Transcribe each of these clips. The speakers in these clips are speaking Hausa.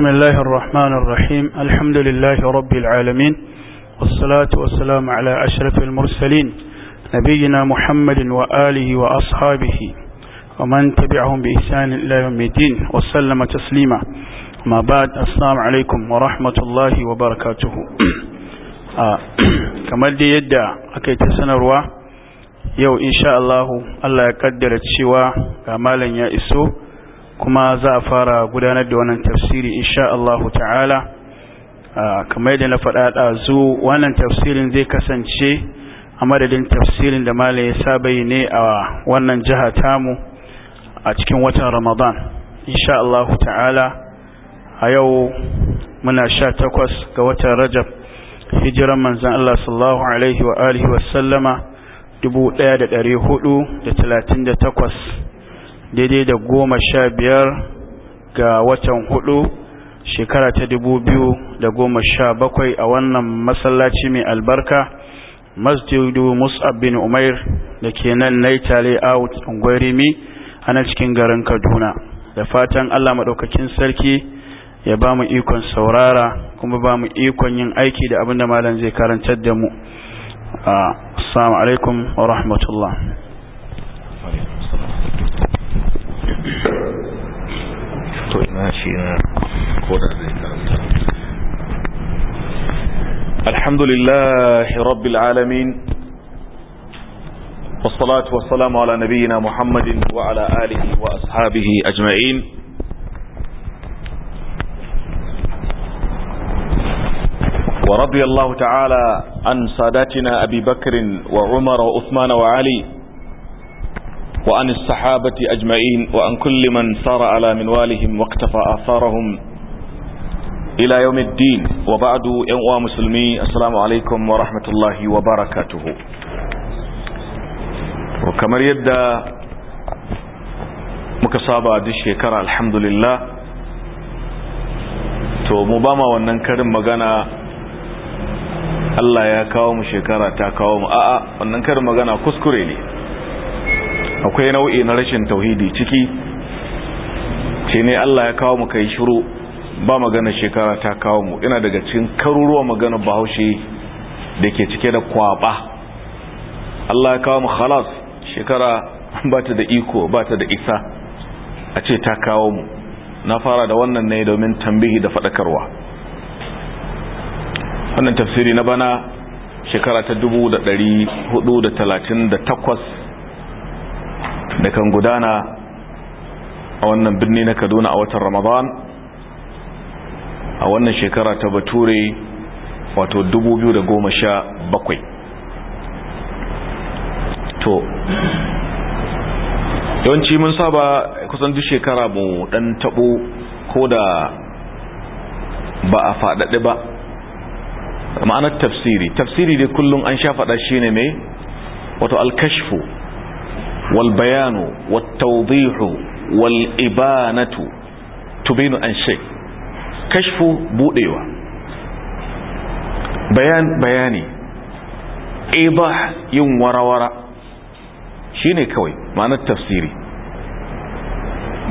بسم الله الرحمن الرحيم الحمد لله رب العالمين والصلاة والسلام على أشرف المرسلين نبينا محمد وآله وأصحابه ومن تبعهم بإحسان إلى يوم الدين وسلم تسليما ما بعد السلام عليكم ورحمة الله وبركاته kamar da yadda aka yi ta sanarwa yau insha Allah Allah ya kaddara cewa ga malam ya iso kuma za a fara gudanar da wannan tafsiri insha Allah ta'ala kamar yadda na faɗa ɗazu wannan tafsirin zai kasance a madadin tafsirin da malai ya saba ne a wannan jiha tamu a cikin watan ramadan insha Allah ta'ala a yau muna sha takwas ga watan rajab hijiran manzan Allah Sallahu alaihi wa alihi wasallama 1438 daidai da goma sha biyar ga watan hudu shekara ta dubu biyu da goma sha bakwai a wannan masallaci mai albarka masjidu mus'ab bin umair da ke nan itali out gwarimi a nan cikin garin kaduna da fatan allah maɗaukakin sarki ya ba mu ikon saurara kuma ba mu ikon yin aiki da abin da malam zai karantar da mu assalamu alaikum wa rahmatullah طيب، الحمد لله رب العالمين والصلاة والسلام على نبينا محمد وعلى آله وأصحابه أجمعين ورضي الله تعالى عن ساداتنا أبي بكر وعمر وأثمان وعلي وعن الصحابة أجمعين وعن كل من سار على منوالهم واقتفى آثارهم إلى يوم الدين وبعد ينوى مسلمي السلام عليكم ورحمة الله وبركاته وكما يدى مكسابة دي الشيكرة الحمد لله to mu ba ma wannan karin magana Allah ya kawo mu shekara ta kawo mu a'a wannan karin magana kuskure ne akwai nau'i na rashin tauhidi ciki ce ne Allah ya kawo mu kai shiru ba magana shekara ta kawo mu ina daga cikin karuruwa magana bahaushe da ke cike da kwaba Allah ya kawo mu khalas shekara ba ta da iko ba ta da isa a ce ta kawo mu na fara da wannan ne domin tambihi da faɗakarwa wannan tafsiri na bana shekara ta takwas. da kan gudana a wannan birni na kaduna a watan ramadan a wannan shekara ta bature wato 2017 to yawanci mun saba kusan duk shekara mu dan tabo ko da ba a faɗaɗe ba ma'anar tafsiri tafsiri dai kullum an sha faɗa shi ne mai wato alkashfu والبيان والتوضيح والإبانة تبين عن شيء كشف بؤيوة بيان بياني إيضاح يوم ورا ورا شيني كوي معنى التفسيري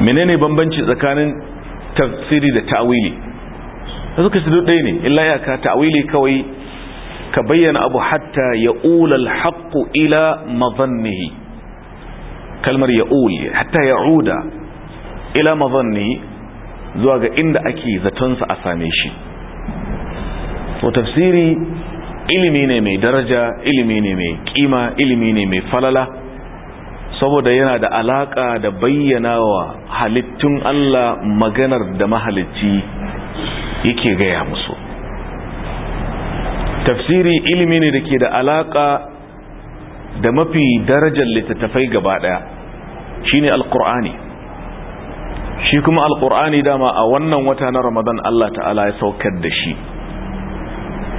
menene bambanci tsakanin tafsiri da ta'awili da suka su ɗaya ne illa ya ta'awili kawai ka bayyana abu hatta ya ulal ila mazannihi kalmar ya'ul hatta ya'uda ila mazanni zuwa ga inda ake zaton sa a same shi to tafsiri ilimi ne mai daraja ilimi ne mai kima ilimi ne mai falala saboda yana da alaka da bayyana wa halittun Allah maganar da mahalicci yake gaya musu tafsiri ilimi ne da ke da alaka da mafi darajar littattafai gaba daya shine alqur'ani shi kuma alqur'ani dama a wannan wata na ramadan Allah ta'ala ya saukar da shi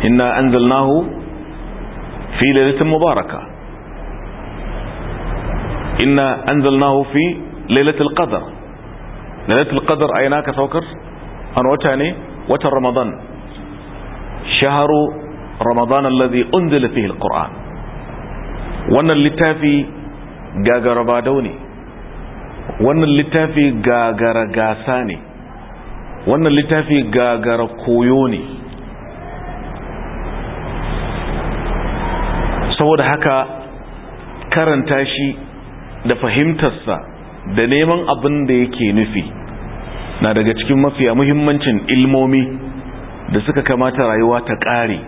inna anzalnahu fi lailatin mubaraka inna anzalnahu fi lailatul qadr lailatul qadr ayna ka saukar an wata ne watan ramadan shaharu ramadan alladhi unzila fihi alqur'an wannan littafi gagara badau ne wannan littafi gagara gasa ne wannan littafi gagara koyo ne saboda haka karanta shi da fahimtarsa da neman abin da yake nufi na daga cikin mafiya muhimmancin ilmomi da suka kamata rayuwa ta ƙare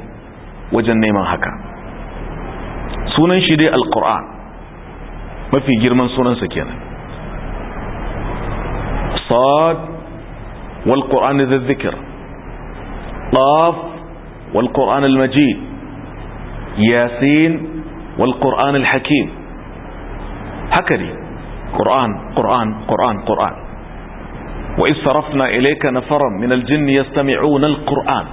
wajen neman haka sunan shi dai alkur'an mafi girman sunansa kenan sad wal da zikir qaf wal qur'an yasin wal alhakim haka ne qur'an qur'an qur'an qur'an wa is sarafna ilayka nafaran min al jinn yastami'una al qur'an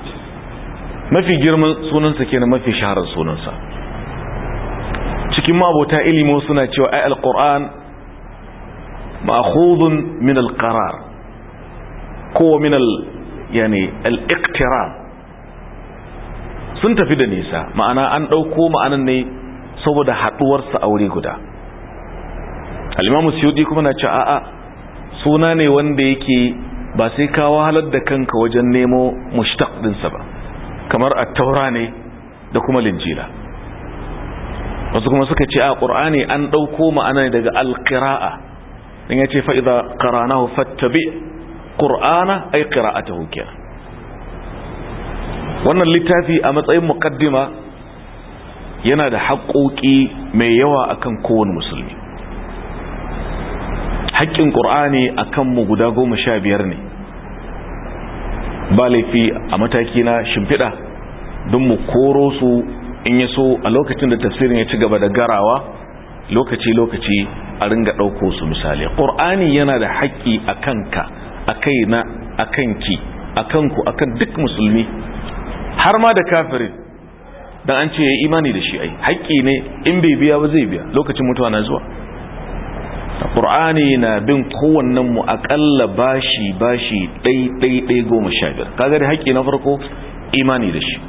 mafi girman sunansa kenan mafi shaharar sunansa cikin mabota ilimi suna cewa ai alquran ma'khudun min alqarar ko min al yani sun tafi da nisa ma'ana an dauko ma'anan ne saboda haduwar sa aure guda al-imam kuma na cewa a'a suna ne wanda yake ba sai ka wahalar da kanka wajen nemo mushtaq din sa ba kamar at-taura ne da kuma linjila wasu kuma suka ce a ƙur'ani an ɗauko ma'ana daga alqira'a in ya ce fa'iza ƙaranahu fattabi ƙur'ana ai ƙira'ata hukiya wannan littafi a matsayin mukaddima yana da haƙoƙi mai yawa akan kowane musulmi haƙƙin ƙur'ani akan mu guda goma sha biyar ne ba laifi a mataki na shimfiɗa don mu koro su in ya so a lokacin da tafsirin ya ci gaba da garawa lokaci-lokaci a ringa ɗauko su misali ƙur'ani yana da haƙƙi a kanka a kaina a kanki a kanku a kan duk musulmi har ma da kafirin don an ce ya imani da shi ai haƙƙi ne in bai biya ba zai biya lokacin mutuwa na zuwa ƙur'ani na bin kowannen mu aƙalla bashi bashi ɗai ɗai ɗai goma sha biyar kaga da haƙƙi na farko imani da shi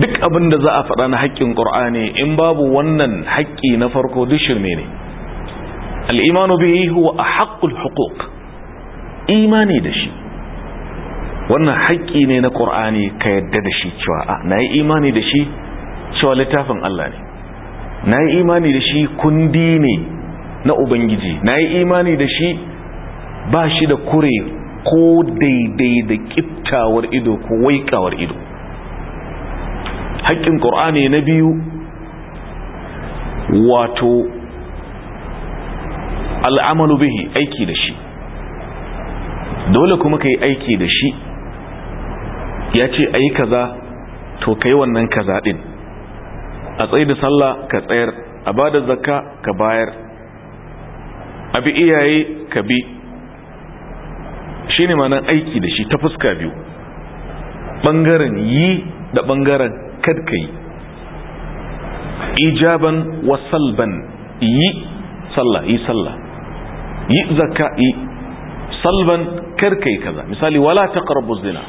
duk abin da za a faɗa na haƙƙin ƙur'ani in babu wannan haƙƙi na farko duk shirme ne al'imanu bihi huwa a haƙƙul huquq imani da shi wannan haƙƙi ne na ƙur'ani ka yadda da shi cewa a ah, na yi imani da shi cewa littafin Allah ne na yi imani da shi kundi ne na ubangiji na yi imani da shi ba shi da kure ko daidai da ƙiftawar ido ko waiƙawar ido haƙƙin ƙur'ani na biyu wato al'amalu bihi aiki da shi dole kuma ka yi aiki da shi ya ce a yi kaza to ka yi wannan kaza ɗin a tsaye da sallah ka tsayar a ba da zakka ka bayar a bi iyaye ka bi shi ne manan aiki da shi ta fuska biyu ɓangaren yi da ɓangaren kad ka yi ijaban wa salban yi sallah yi sallah yi zakka yi salban kar ka yi kaza misali wala taqrabu zina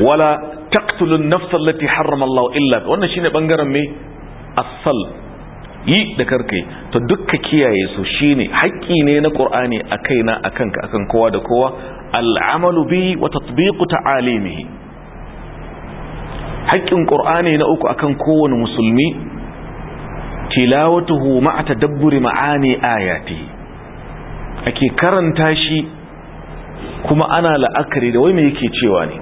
wala taqtulun nafsa allati harrama Allah illa wannan shine bangaren me as-salb yi da karkai to dukka kiyaye su shine haƙƙi ne na Qur'ani a kaina a kanka akan kowa da kowa al'amalu bi wa tatbiqu ta'alimihi haƙƙin ƙur'ani na uku akan kowane musulmi tilawatuhu ma'a tadabburi ma'ani ayati ake karanta shi kuma ana la'akari da wai me yake cewa ne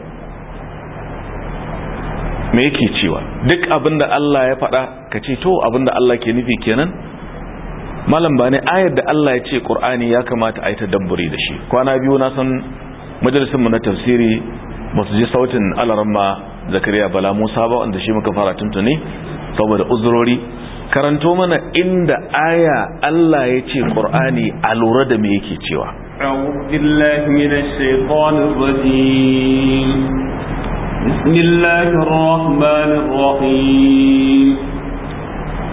me yake cewa duk abinda Allah ya faɗa ka ce to abinda Allah ke nufi kenan malam ba ayar da Allah ya ce ƙur'ani ya kamata a yi ta tadabburi da shi kwana biyu na san majalisin na tafsiri ba ji sautin alarma. zakariya bala musa ba wanda shi muka fara tuntuni saboda uzurori karanto mana inda aya Allah ya ce ƙor'ani a lura da me yake cewa بسم الله الرحمن الرحيم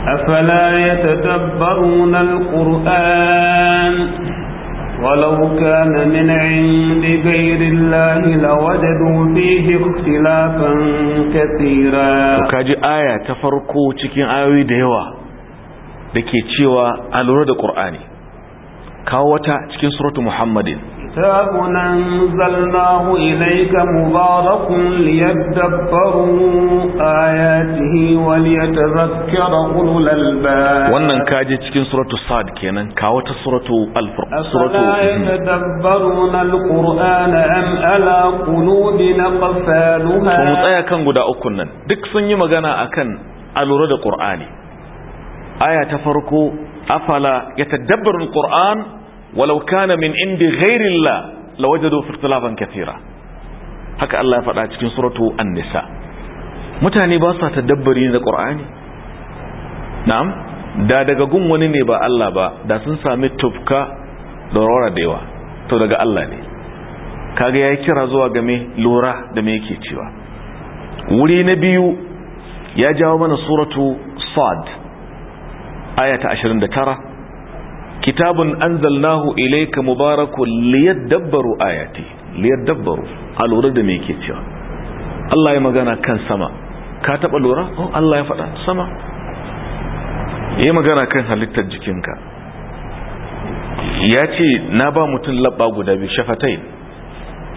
أفلا يتدبرون القرآن ولو كان من عند غير الله لوجدوا فيه اختلافا كثيرا kaji aya ta farko cikin ayoyi da yawa da ke cewa a lura da Qur'ani kawo wata cikin suratu Muhammadin كتاب أنزلناه إليك مبارك ليدبروا آياته وليتذكر أولو الألباب wannan kaje cikin suratu sad kenan ka wata suratu al-furqan suratu yadabbaruna al-qur'ana am ala qulubin qafaluha mu tsaya kan guda ukun duk sun yi magana akan alura da qur'ani aya ta farko afala yatadabbaru al-qur'an walau kana min indi ghairillah lawajadu fi ikhtilafan kathira haka Allah ya faɗa cikin suratu an-nisa mutane ba sa tadabbari da qur'ani na'am da daga gun wani ne ba Allah ba da sun sami tufka da rora da yawa to daga Allah ne kaga yayi kira zuwa ga me lura da me yake cewa wuri na biyu ya jawo mana suratu sad ayata 29 kitabun anzalnahu ilayka mubarakun liyadabbaru ayati liyadabbaru a lura da me ke cewa Allah ya magana kan sama ka taba lura oh Allah ya faɗa sama ya magana kan halittar jikinka ya ce na ba mutum labba guda biyu shafatai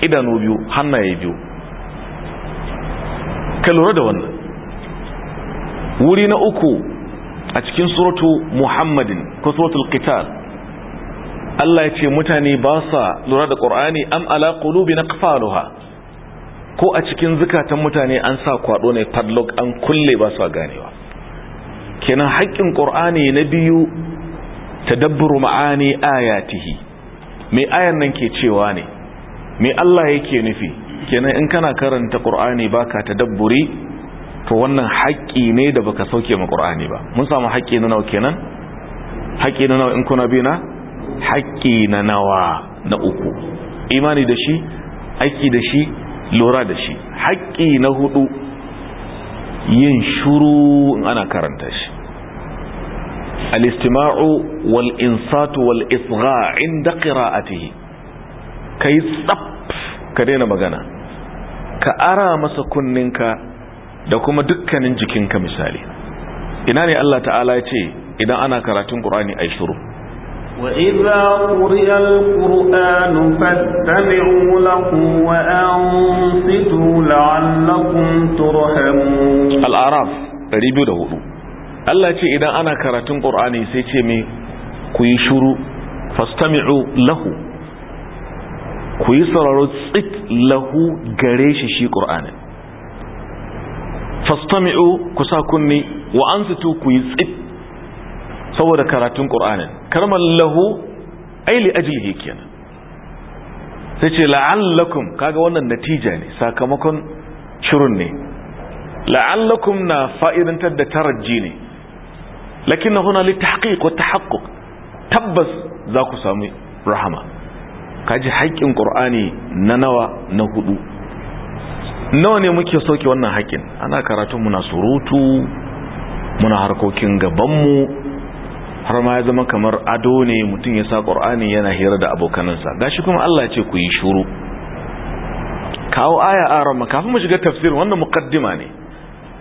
idanu biyu hannaye biyu ka lura da wannan wuri na uku a cikin suratu muhammadin ko suratul qital Allah ya ce mutane ba sa lura da qur'ani am ala qulubi naqfaluha ko a cikin zukatan mutane an sa kwado ne padlock an kulle ba sa ganewa kenan haƙƙin qur'ani na biyu tadabburu ma'ani ayatihi me ayan nan ke cewa ne me Allah yake nufi kenan in kana karanta qur'ani baka tadabburi to wannan haƙƙi ne da baka sauke mu qur'ani ba mun samu haƙƙi na nawa kenan haƙƙi na nawa in kuna bi na haƙƙi na nawa na uku imani da shi aiki da shi lura da shi haƙƙi na hudu yin shuru in ana karanta shi al-istima'u wal insatu wal isgha inda qira'atihi kai tsaf ka daina magana ka ara masa kunninka da kuma dukkanin jikinka misali ina ne Allah ta'ala ya ce idan ana karatun Qur'ani ai shiru wa idza quriya al-qur'anu fastami'u lahu wa ansitu la'allakum turhamun al-araf 204 Allah ce idan ana karatun Qur'ani sai ce me ku yi shuru fastami'u lahu ku yi sararo tsit lahu gare shi shi Qur'anin fastami'u ku sa kunni wa ansitu ku yi tsit saboda karatun qur'anin karmal lahu aili li ajlihi kenan sai ce la'allakum kaga wannan natija ne sakamakon shirun ne la'allakum na fa'idantar da tarajji ne lakin na huna littahqiq ta tahaqquq tabbas za ku samu rahama kaji haƙƙin ƙur'ani na nawa na hudu nawa ne muke sauke wannan haƙin ana karatu muna surutu muna harkokin gabanmu har ma ya zama kamar ado ne mutum ya sa ƙor'ani yana hira da abokanansa gashi kuma Allah ce ku yi shuru kawo aya a ramma kafin mu shiga tafsir wannan muqaddima ne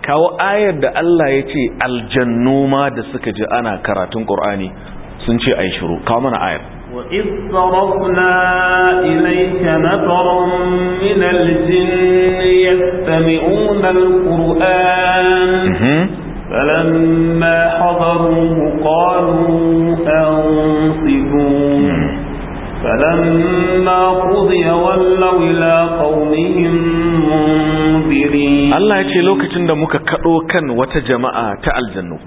kawo ayar da Allah ya ce aljannu ma da suka ji ana karatun ƙor'ani sun ce a shuru kawo mana ayar وإذ صرفنا إليك نفرا من الجن يستمعون القرآن فلما حضروه قالوا أنصفوا فلما قضي ولوا إلى قومهم منذرين الله يتي لوكتن كأوكا وتجمع تأل جنوب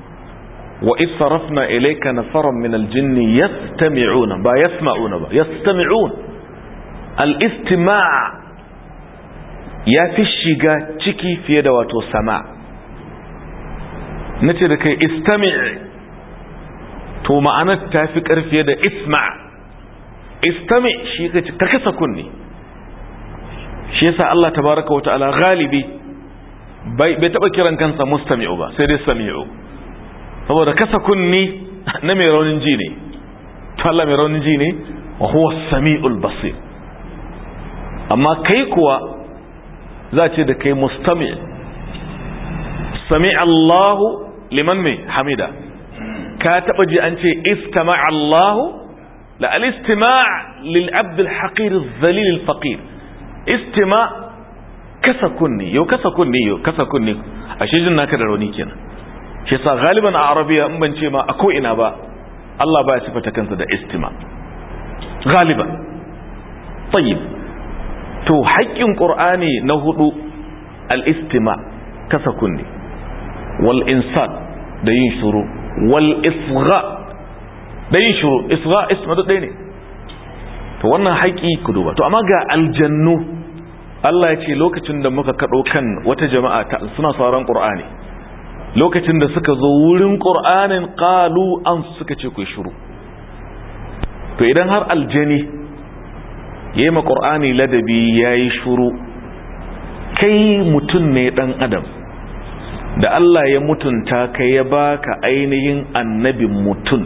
wa صرفنا إليك نفرا من الجن يستمعون ba, يسمعون ba يستمعون الاستماع ya fi shiga ciki fiye da wato sama na ce da kai istami to ma'anar ta fi ƙarfiye da isma istami shi ka ci karkasa kunni shi yasa Allah tabaraka wa ta'ala galibi bai taɓa kiran kansa mustami'u ba sai dai sami'u saboda kasa kunni na mai raunin ji ne Allah mai raunin ji ne wa huwa sami'ul basir amma kai kuwa za ce da kai mustami sami Allahu liman mai hamida ka taba ji an ce istama Allahu la al-istima' lil abd al-haqir al-dhalil al-faqir istima kasa kunni yau kasa kunni yau kasa kunni ashe jin naka da rauni kenan shi sa galiban a arabiya in ban ce ma a ko ina ba Allah baya sifata kansa da istima galiban tsayin. to haƙƙin qur'ani na hudu al-istima kasa kunne wal insan da yin shuru wal isra da yin shuru isra, isma da ne to wannan haƙƙi ku ba. to amma ga aljannu Allah ya ce lokacin da muka kaɗo kan wata jama'a suna sauran ƙur'ani lokacin da suka zo wurin ƙur'anin ƙalu an suka ce ku shiru to idan har aljani ya yi ƙur'ani ladabi ya yi shuru kai mutum ne ɗan adam da Allah ya mutunta kai ya baka ainihin annabin mutum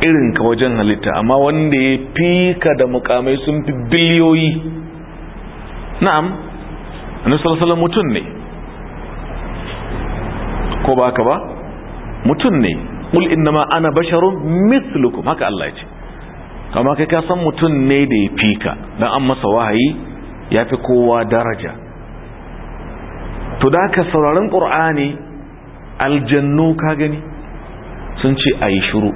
irinka wajen halitta amma wanda ya fi ka da mukamai sun fi biliyoyi na'am annabi sallallahu mutum ne ko ba ka ba mutum ne ƙul innama ana basharun mislukum haka Allah ce kama kai ka san mutum ne da ya fi ka dan an masa wahayi ya fi kowa daraja to da ka sauraron ƙur'ani aljannu ka gani sun ce ayi shiru, shuru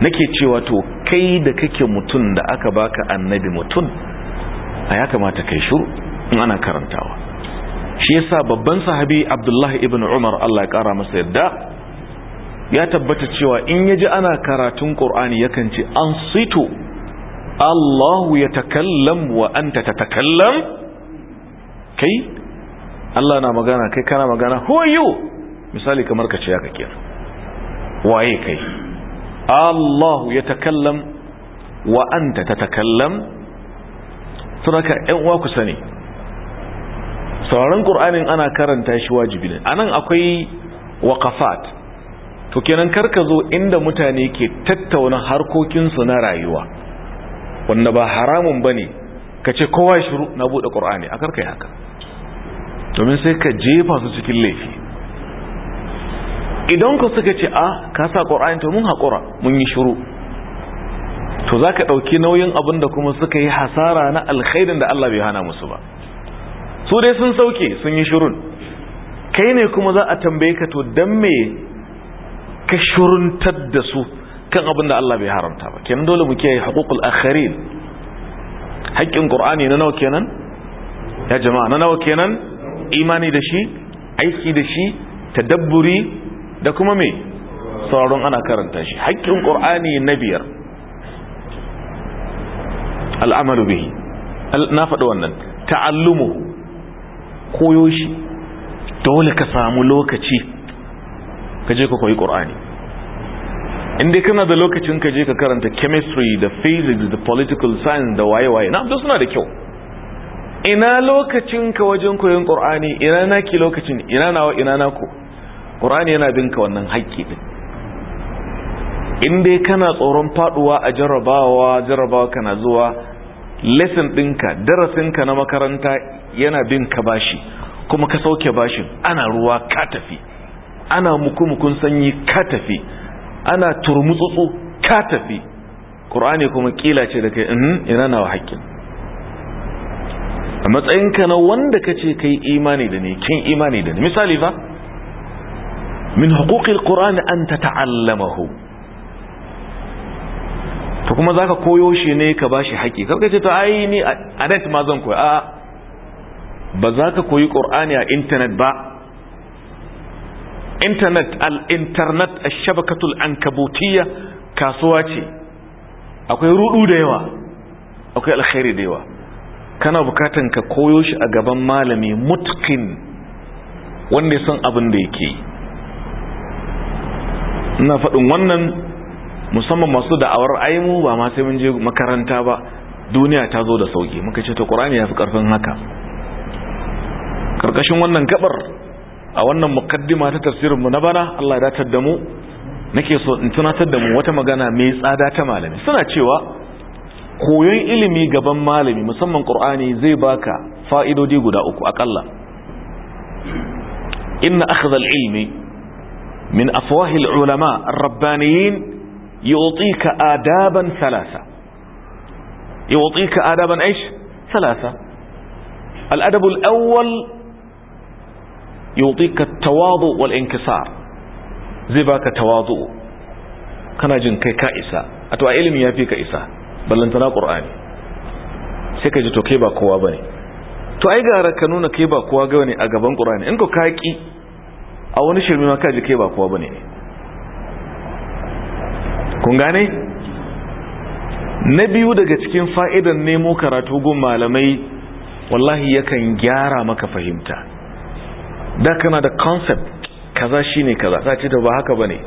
nake cewa to kai da kake mutum da aka baka annabi mutum a ya kamata kai shuru in ana karantawa shi yasa babban sahabi abdullahi ibn umar allah ya kara masa yadda ya tabbata cewa in yaji ana karatun qur'ani yakan ce an sito allahu ya takallam wa anta tatakallam kai allah na magana kai kana magana who are you misali kamar ka ce ya kake waye kai allahu ya takallam wa anta tatakallam saboda ka ƴan uwa ku sani sauran ƙur'anin ana karanta shi wajibi ne anan akwai waqafat to kenan karka zo inda mutane ke tattauna harkokinsu na rayuwa wanda ba haramun bane ce kowa shiru na bude ƙur'ani a karka haka domin sai ka jefa su cikin laifi idan ku suka ce a ah, ka sa ƙur'ani to mun haƙura mun yi shiru to za ka ɗauki nauyin abin da kuma suka yi hasara na alkhairin da Allah bai hana musu ba su dai sun sauke sun yi shirun kai ne kuma za a tambaye ka to dan me ka shiruntar da su kan abin da Allah bai haramta ba kenan dole mu kiyaye akharin haƙƙin qur'ani na nawa kenan ya jama'a na nawa kenan imani da shi aiki da shi tadabburi da kuma me sauraron ana karanta shi haƙƙin qur'ani na biyar al'amalu bihi na faɗi wannan Ta'allumu. koyo shi dole ka samu lokaci ka je ka koyi ƙur'ani inda kana da lokacin ka je ka karanta chemistry da physics da political science da waye-waye na duk suna da kyau ina lokacin ka wajen koyon ƙur'ani ina naki lokacin ina nawa ina nako ƙur'ani yana bin ka wannan haƙƙi din inda kana tsoron faduwa a jarrabawa jarrabawa kana zuwa lesson ɗinka darasinka na makaranta yana bin ka bashi kuma ka sauke bashin ana ruwa ka tafi ana mukumukun sanyi ka tafi ana turmutsutsu ka tafi ƙur'ani kuma kila ce da kai mhm, ina nawa haƙƙin a matsayinka na wanda ka ce kai imani da ne kin imani da ne misali ba min haƙoƙin ƙur'ani an ta ta'allamahu to kuma zaka koyo shi ne ka bashi haƙi karka ce to ai ni a net ma zan koya a ba za ka koyi ƙur'ani a intanet ba intanet al intarnet a shabakatul ankabutiya kasuwa ce akwai rudu da yawa akwai alkhairi da yawa kana bukatan ka koyo shi a gaban malami mutkin wanda ya san abin da yake ina faɗin wannan musamman masu da'awar aimu ba ma sai mun je makaranta ba duniya ta zo da sauki muka ce ta ƙur'ani ya fi ƙarfin haka karkashin wannan gabar a wannan mukaddima ta tafsirin mu na bana Allah ya datar da mu nake so in tunatar da mu wata magana mai tsada ta malami suna cewa koyon ilimi gaban malami musamman qur'ani zai baka fa'idodi guda uku akalla inna akhdha al-ilmi min afwahi al-ulama ar-rabbaniyin yu'tika adaban thalatha yu'tika adaban إيش ثلاثة الأدب الأول yutika tawadu wal inkisar zai baka tawadu kana jin kai ka isa a to a ilimi yafi ka isa ballantana qur'ani sai ka ji to kai ba kowa bane to ai gara ka nuna kai ba kowa ga a gaban qur'ani in ko ka ki a wani shirme ma ka ji kai ba kowa bane kun gane na biyu daga cikin fa'idan nemo karatu gun malamai wallahi yakan gyara maka fahimta da kana da concept kaza shine kaza ka ce da ba haka bane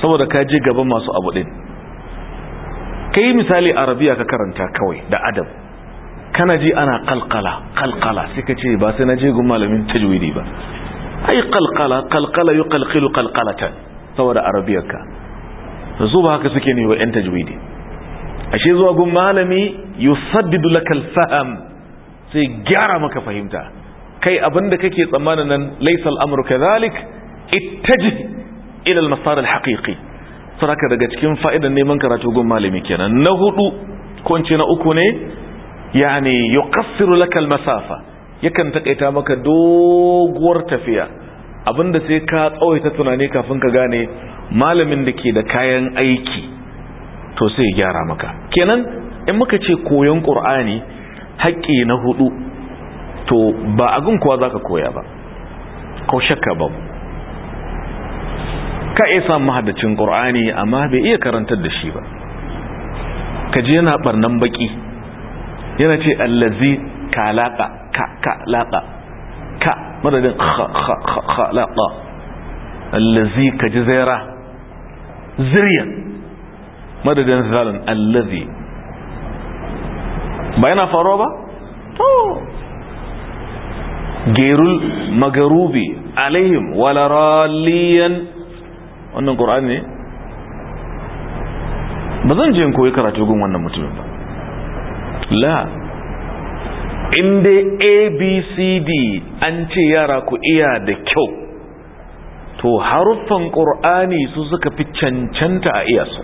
saboda ka je gaban masu abu din kai misali arabiya ka karanta kawai da adab kana ji ana kalkala kalkala sai ka ce ba sai na je gun malamin tajwidi ba ai kalkala kalkala yuqalqilu kalkalatan saboda arabiyarka zo ba haka suke ne wa yan tajwidi ashe zuwa gun malami yusaddidu lakal faham sai gyara maka fahimta kai abinda kake tsammanin nan laisal amru kadhalik ittaji ila al-masar al-haqiqi saraka daga cikin fa'idan neman karatu gun malami kenan na hudu ko na uku ne yani yuqassiru laka al-masafa yakan takaita maka doguwar tafiya abinda sai ka tsawaita tunani kafin ka gane malamin da ke da kayan aiki to sai ya gyara maka kenan in muka ce koyon qur'ani haƙƙi na hudu to ba abin kuwa za ka koya ba ko shakka ba ka iya samun mahadacin ƙur'ani amma bai iya karantar da shi ba ka ji yana ɓarnan baƙi yana ce allazi laƙa ka laƙa ka madadin laƙa allazi ka ji zaira ziryan madadin zalin allazi ba yana faruwa ba? gerul magarubi alaihim wala raliyan wannan Qur'an ne ba je koyi karatu gun wannan mutumin ba la inda abcd an ce yara ku iya da kyau to haruffan Qur'ani su suka fi cancanta a iya su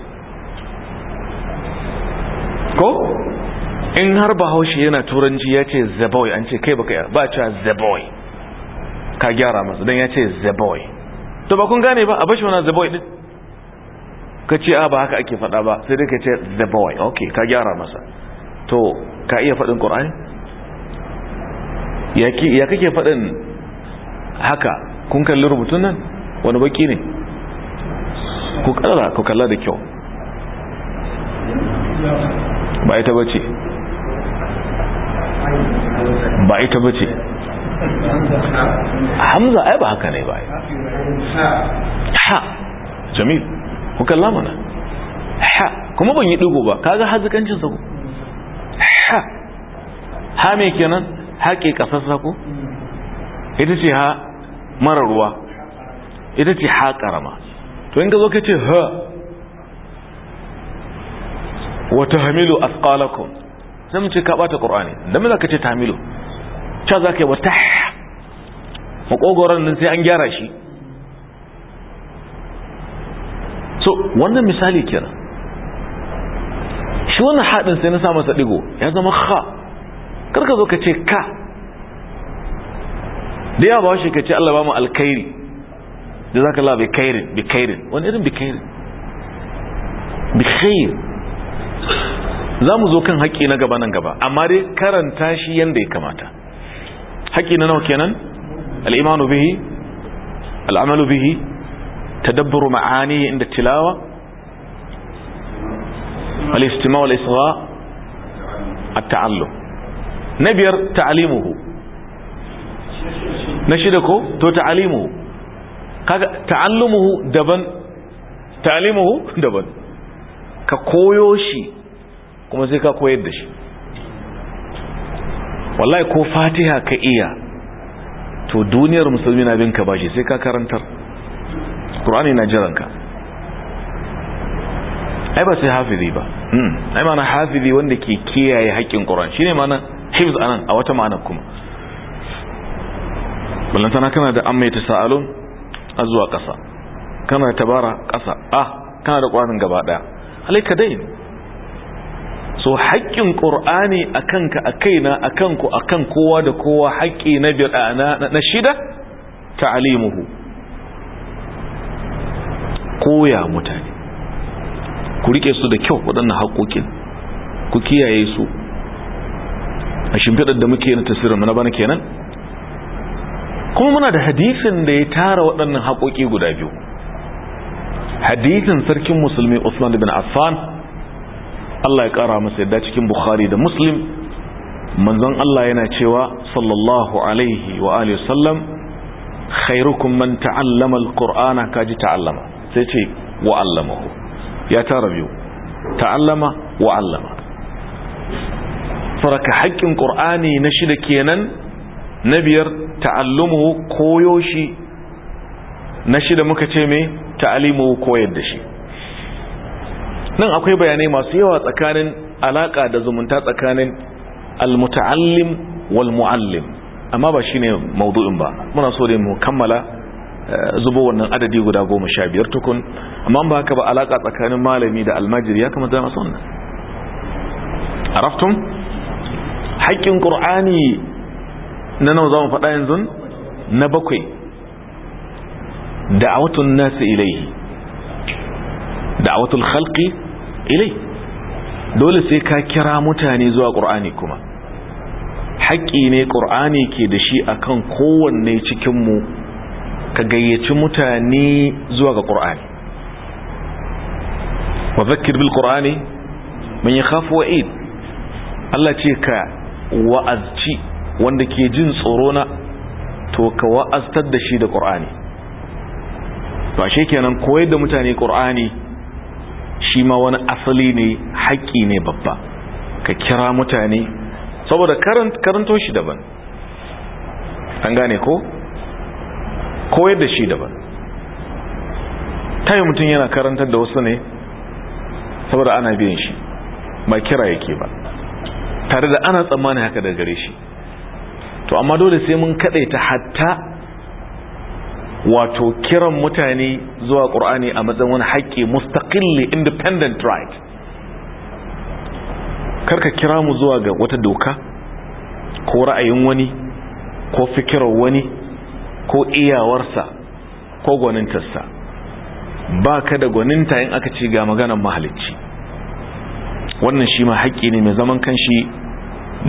ko in har bahaushe yana turanci ya ce the boy an ce kai baka ba cewa the boy ka gyara masa don ya ce the boy to ba kun gane ba a bashi wana the boy din ka ce a ah, ba haka ake faɗa ba sai dai ka ce the boy ok ka gyara masa to ka iya faɗin ƙorani ya kake faɗin haka kun kalli rubutun nan wani baki ne ku kalla da kyau ba ita bace ba ita bace hamza ai ba haka ne ba ha jamil ku kalla mana ha kuma ban yi digo ba kaga hazikancin sa ha ha me kenan haƙe kasassa ko ita ce ha mara ruwa ita ce ha karama to in ka zo ka ce ha wata hamilu asqalakum sai mun ce ka bata qur'ani da me zaka ce tamilu cha zaka yi wata makogoron nan sai an gyara shi so wannan misali kira shi wannan haɗin sai na sa masa digo ya zama kha karka zo ka ce ka da ya ba shi ka ce Allah ba mu alkhairi la bi khairin bi khairin wani irin bi khairin bi khairin za mu zo kan haƙƙi na gaba nan gaba amma dai karanta shi yadda ya kamata haƙƙi na nawa kenan al'imanu bihi al'amalu bihi tadabburu ma'ani inda tilawa al'istima wal isra at na biyar ta'alimuhu na shida ko to ta'alimuhu kaga ta'allumuhu daban ta'alimuhu daban ka koyo shi kuma sai ka koyar da shi wallahi ko fatiha ka iya to duniyar musulmi na binka shi sai ka karantar ƙur'ani na jiranka ai ba sai hafizi ba hmm. ai mana hafizi wanda ke kiyaye haƙƙin Qur'an. shi ne mana hifz anan a wata ma'ana kuma ballantana kana da an mai sa'alun a zuwa ƙasa kana tabara ƙasa ah kana da ƙwarin gaba ɗaya alaika dai so haƙƙin ƙur'ani a kanka a kaina a kanku a kan kowa da kowa haƙƙi na bir'ana na shida ta'alimuhu koya mutane ku rike su da kyau waɗannan haƙoƙin ku kiyaye su a shimfiɗar da muke na tasirin na bana kenan kuma muna da hadisin da ya tara waɗannan haƙoƙi guda biyu hadisin sarkin musulmi Usman bin Affan Allah ya kara masa yadda cikin Bukhari da Muslim manzon Allah yana cewa sallallahu alaihi wa alihi sallam khairukum man ta'allama al alqur'ana kaji ta'allama sai ce wa allamahu ya tara biyu ta'allama wa allama faraka haƙƙin qur'ani na shida kenan na biyar ta'allumuhu koyo shi na shida muka ce me ta'alimuhu koyar da shi nan akwai bayanai masu yawa tsakanin alaka da zumunta tsakanin almuta'allim wal muallim amma ba shine maudu'in ba muna so da mu kammala eh, zubo wannan adadi guda goma sha biyar tukun amma ba haka ba alaka tsakanin malami da almajiri ya kamata masu wannan araftum haƙƙin ƙur'ani na nawa za mu faɗa yanzu na bakwai da'awatun nasu ilaihi da'awatul khalqi ilai dole sai ka kira mutane zuwa ƙur'ani kuma haƙƙi ne ƙur'ani ke da shi akan kowanne cikinmu ka gayyaci mutane zuwa ga ƙur'ani wa zakir bil ƙur'ani man khafu wa'id Allah ce ka wa'azci wanda ke jin tsoro na to ka wa'aztar da shi da ƙur'ani ba shi kenan koyar da mutane ƙur'ani shi ma wani asali ne haƙƙi ne babba ka kira mutane saboda karanto shi daban an gane ko koyar da shi daban tayi mutum yana karantar da wasu ne saboda ana biyan shi ba kira yake ba tare da ana tsammanin haka da gare shi to amma dole sai mun ta hatta wato kiran mutane zuwa ƙur'ani a matsayin wani haƙƙi mustaqilli independent right karka kira mu zuwa ga wata doka ko ra'ayin wani ko fikirar wani ko iyawarsa ko gwanintarsa ba ka da gwaninta in aka ce ga maganar mahalicci wannan shi ma haƙƙi ne mai zaman kanshi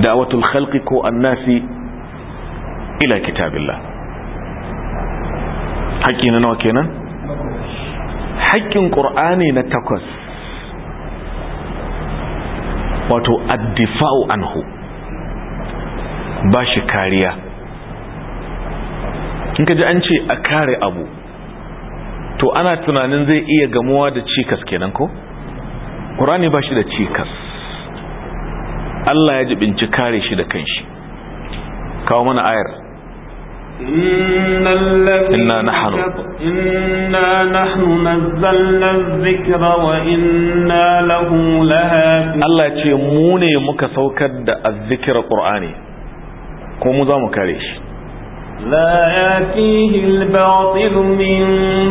da'awatul khalqi ko annasi ila kitabillah haƙƙi na nawa kenan haƙƙin ƙur'ani na takwas wato addifa'u anhu ba shi kariya in ka ji an ce a kare abu to ana tunanin zai iya gamuwa da cikas kenan ko? ƙurani ba shi da cikas Allah ya jibinci kare shi da kanshi kawo mana ayar إنا نحن إنا نحن نزلنا الذكر وإنا له لها الله يتي موني مكا سوكد الذكر القرآني كومو زامو كاريش لا يأتيه الباطل من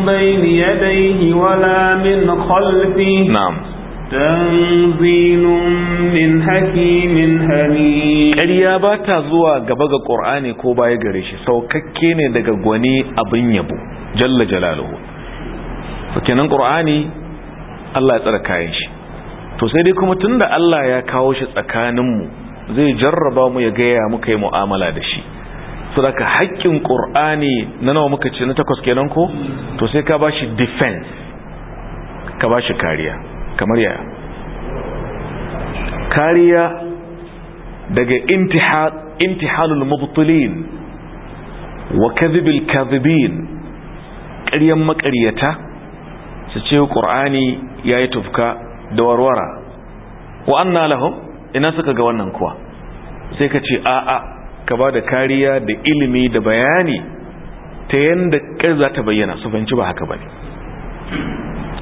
بين يديه ولا من خلفه نعم tanzilun min hakimin hani ƙarya ba ta zuwa gaba ga ƙur'ani ko baya gare shi saukakke ne daga gwani abin yabo jalla jalaluhu kenan ƙur'ani Allah ya tsara kayan shi to sai dai kuma tunda Allah ya kawo shi tsakaninmu zai jarraba mu ya gaya muka yi mu'amala da shi sadaka haƙƙin ƙur'ani na nawa muka ce na takwas kenan ko to sai ka shi defense ka ba shi kariya kamar yaya kariya daga intihalul mubtulin wa kadhibil kadhibin ƙaryan maƙaryata su ce ƙur'ani yi tufka da warwara wa anna lahum ina suka ga wannan kuwa sai ka ce a'a ka ba da kariya da ilimi da bayani ta yadda ƙar za ta bayyana su fahimci ba haka bane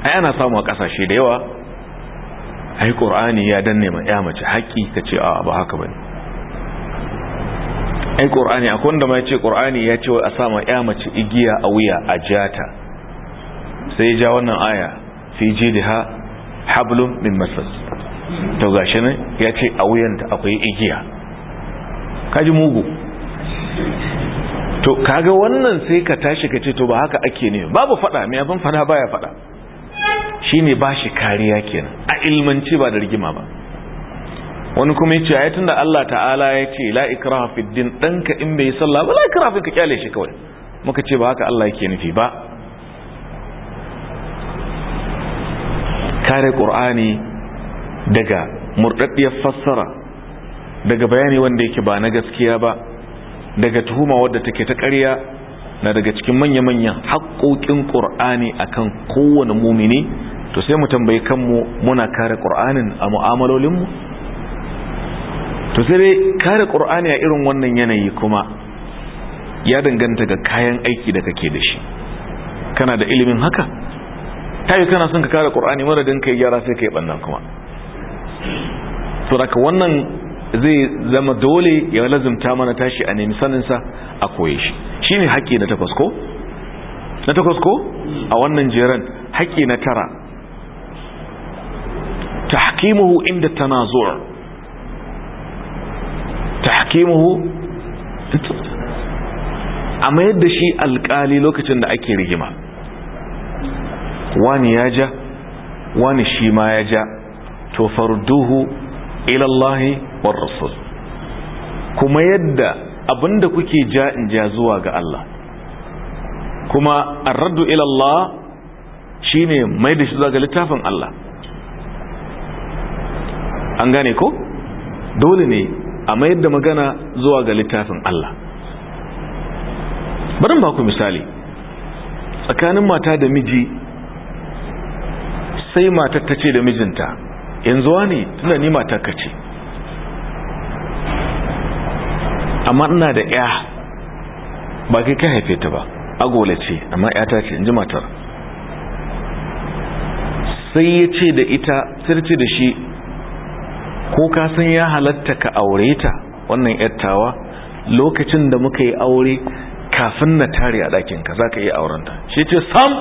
ai ana samu a ƙasashe da yawa ai qur'ani ya danne ma ya mace haƙi kace a ba haka bane ai qur'ani akwai da mai yace qur'ani ya ce a sa ma ya mace igiya a wuya a jata sai ya ja wannan aya fi jidha hablum min masas to gashi ne ya ce a wuyanta akwai igiya kaji mugu to kaga wannan sai ka tashi ka ce to ba haka ake ne babu fada mai abin fada baya fada shi ne ba shi kariya kenan a ilmanci ba da rigima ba wani kuma ya ce yi tun da Allah ta'ala ya ce la ikraha din ɗanka in bai sallah ba la ikraha ka kyale shi kawai muka ce ba haka Allah yake nufi ba kare qur'ani daga murdaddiyar fassara daga bayani wanda yake ba na gaskiya ba daga tuhuma wadda take ta ƙarya na daga cikin manya-manyan haƙoƙin ƙur'ani akan kowane mumini to sai mu tambayi kanmu muna kare qur'anin a mu'amalolinmu to sai dai kare qur'ani a irin wannan yanayi kuma ya danganta ga kayan aiki da kake da shi kana da ilimin haka kai kana son ka kare qur'ani madadin kai gyara sai kai bannan kuma to daga wannan zai zama dole ya lazumta mana tashi a nemi saninsa a koye shi shine haƙƙi na takwas ko na takwas ko a wannan jeran haƙƙi na tara tahkimuhu inda tanazu' tahkimuhu a mayar da shi alkali lokacin da ake rigima wani ya ja wani shi ma ya ja to farduhu ilallahi war rasul kuma yadda abinda kuke ja in zuwa ga Allah kuma arraddu ilallah shine mai da shi zuwa ga littafin Allah an gane ko dole ne a mayar da magana zuwa ga littafin Allah barin ba ku misali tsakanin mata da miji sai matar ta ce da mijinta yanzu wani tuna ni matar ka ce amma ina da ya ba kai ka haife ta ba agola ce amma ta ce in ji matar sai ya ce da ita sai ce da shi ko ka san ya halatta ka aure ta wannan yattawa lokacin da muka yi aure kafin na tare a ɗakinka za ka iya aurenta shi ce sam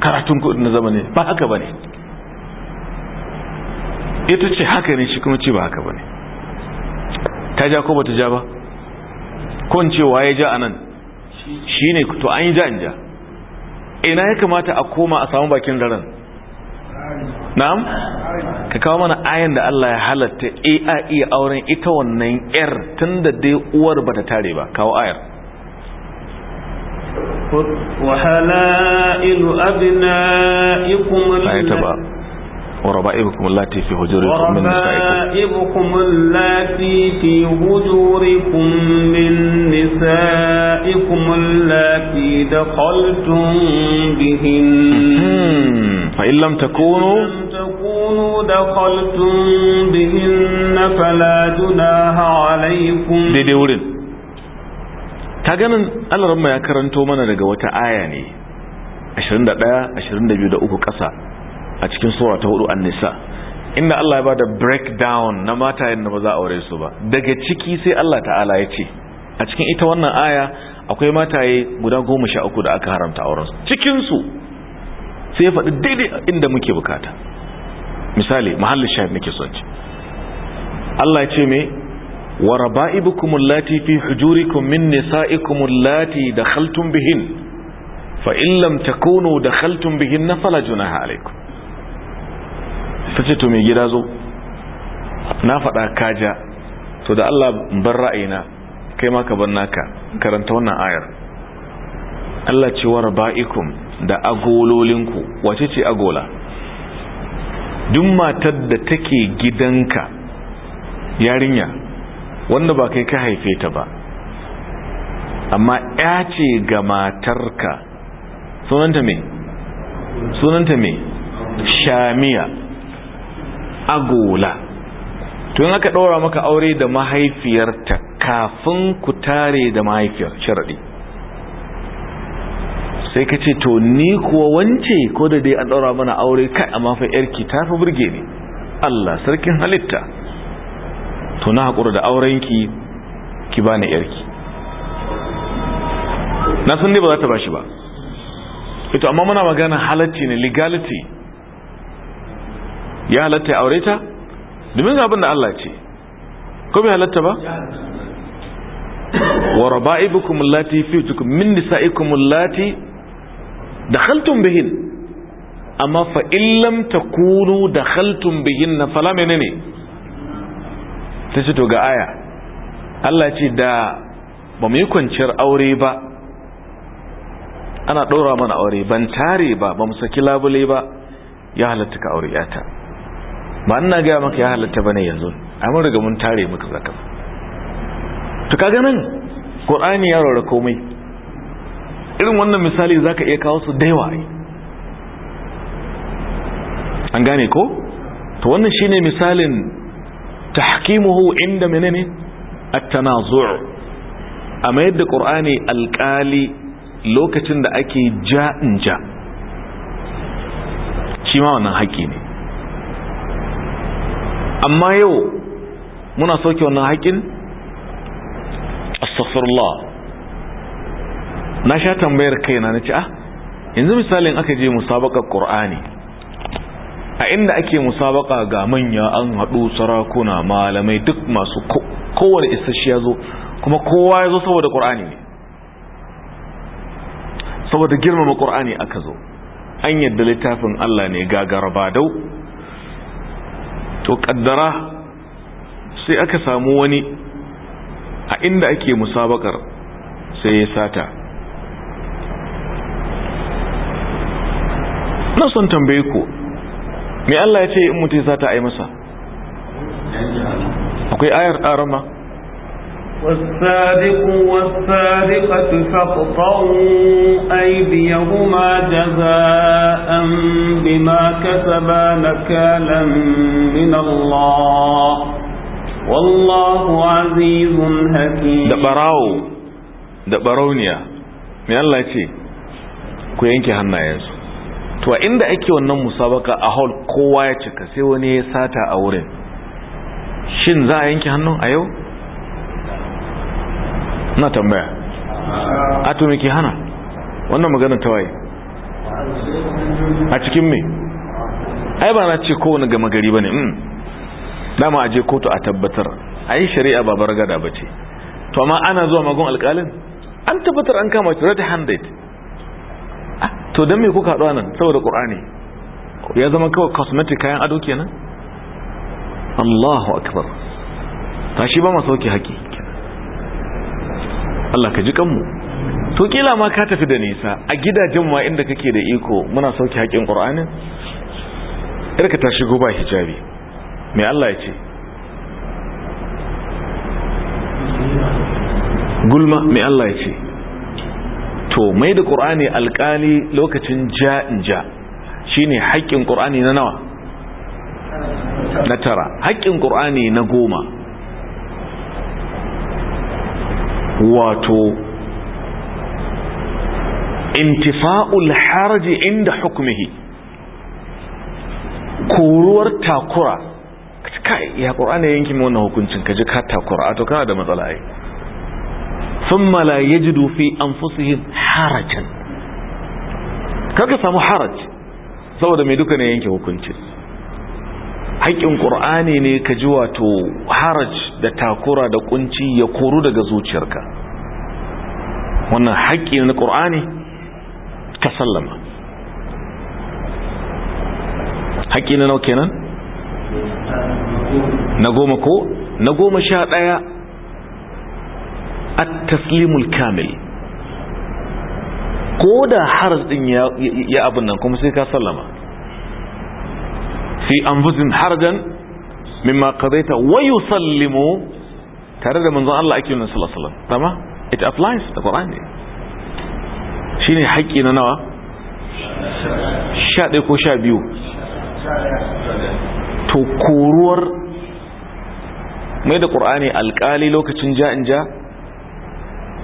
karatun kudin na zamani ba haka ba ne ita ce haka ne shi kuma ce ba haka ba ne ta ja ko ba ta ja ba kun ce wa ya ja a nan shi ne to an yi ja in ja ina ya kamata a koma a samu bakin daren na'am ka kawo mana ayan da Allah ya halatta a auren ita wannan yar tunda dai uwar ba ta tare ba kawo ayar wa halailu abna'ikum وربائبكم اللاتي في هجوركم من نسائكم وربائبكم اللاتي في هجوركم من نسائكم اللاتي دخلتم بهن فإن لم تكونوا تكونوا دخلتم بهن فلا جناح عليكم دي دي ورين كاغانن الله ربما يا كرنتو منا daga wata aya ne 21 22 da uku kasa a cikin sura ta hudu an-nisa inda Allah ya bada breakdown na matayen da ba za a aure su ba daga ciki sai Allah ta'ala ya ce a cikin ita wannan aya akwai mataye guda goma sha uku da aka haramta auren su cikin sai ya faɗi daidai inda muke bukata misali mahallin shahid muke son ci Allah ya ce me wa raba'ibukum allati fi hujurikum min nisa'ikum allati dakhaltum bihin fa in lam takunu dakhaltum bihin fala junaha alaykum ta ce to mai gida zo na faɗa kaja to da Allah bar ra'ayina kai ma ka bar naka karanta wannan ayar Allah ce war ba'ikum da agololinku wace ce agola duk matar da take gidanka yarinya wanda ba kai ka haife ta ba amma ya ce ga matarka sunanta me sunanta me shamiya agola to in aka ɗora maka aure da mahaifiyarta kafin ku tare da mahaifiyar sharaɗi sai ka ce to ni kuwa wance ko da dai an ɗora mana aure kai amma fa yarki ta fi burge ni Allah sarkin halitta to na haƙura da aurenki ki bani yarki na sun ne ba za ta bashi ba ito amma muna magana halatti ne legality ya halatta ya aure ta domin ga abin da Allah ce ko bai halatta ba wa raba'ibukum allati fi tukum min nisa'ikum allati dakhaltum bihin amma fa in lam takunu dakhaltum bihin fala menene tace to ga aya Allah ce da ba mu yi kwanciyar aure ba ana ɗora mana aure ban tare ba ba mu saki labule ba ya halatta ka aure yata ba ina gaya maka ya halatta bane yanzu amma riga mun tare maka zakka to kaga nan qur'ani ya rora komai irin wannan misali zaka iya kawo su da yawa an gane ko to wannan shine misalin tahkimuhu inda menene at-tanazu' amma yadda qur'ani alqali lokacin da ake ja'in ja shi ma wannan haƙi ne amma yau muna soke wannan haƙin astaghfirullah na sha tambayar kaina na ce ah yanzu misalin aka je musabakar qur'ani a inda ake musabaka ga manya an haɗu sarakuna malamai duk masu kowane isasshe ya zo kuma kowa ya zo saboda qur'ani saboda girmama ƙur'ani aka zo an yadda littafin Allah ne gagarba dau to kaddara sai aka samu wani a inda ake musabakar sai ya sata na son tambaye ku me Allah ya ce in mutu ya sata a yi masa akwai ayar arama والسادق والسادقة فاقطعوا أيديهما جزاء بما كسبا نكالا من الله والله عزيز حكيم دبراو دبراونيا من الله يتي كوينك yanke hannayensu to inda ake wannan musabaka a hall kowa ya cika sai wani ya sata a wurin shin za a yanke hannu a yau na tambaya a to ke hana wannan magana ta waye a cikin me ai ba na ce kowane gama gari ba ne hmm. dama a je kotu a tabbatar a yi shari'a ba bar gada ba ce to amma ana zuwa magon alkalin an tabbatar an kama shi ta handed to don me kuka haɗu nan saboda ƙur'ani ya zama kawai cosmetic kayan ado kenan Allahu akbar ta shi ba masauki haƙi Allah ka ji kanmu to kila ma ka tafi da nisa a gidajen ma inda kake da iko muna sauke haƙin ƙur'anin ka ta shigo ba hijabi mai Allah ya ce gulma mai Allah ya ce to mai da ƙur'ani alƙali lokacin ja'in ja shine haƙƙin ƙur'ani na nawa na tara haƙƙin ƙur'ani na goma wato intifa'ul haraji inda hukumihi koruwar takura kai ya ƙorana yankin wannan hukuncin ka ka takura a to kana da matsala ai sun mala ji dufi an fusihin harajin karka samu haraj saboda mai duka ne yanke hukuncin haƙƙin ƙorani ne kaji wato haraj da takura da kunci ya koru daga zuciyarka wannan haƙƙi na ƙur'ani ka sallama haƙƙi na nauke kenan na goma ko na goma sha ɗaya a taslimul kamil ko da haras ɗin ya abin nan kuma sai ka sallama fi an buzin harjan mimma qadaita wa yusallimu tare da manzon Allah ake yin sallallahu alaihi wasallam tama it applies to Qur'ani shine haƙƙi na nawa 11 ko 12 to koruwar mai da Qur'ani alƙali lokacin ja'in ja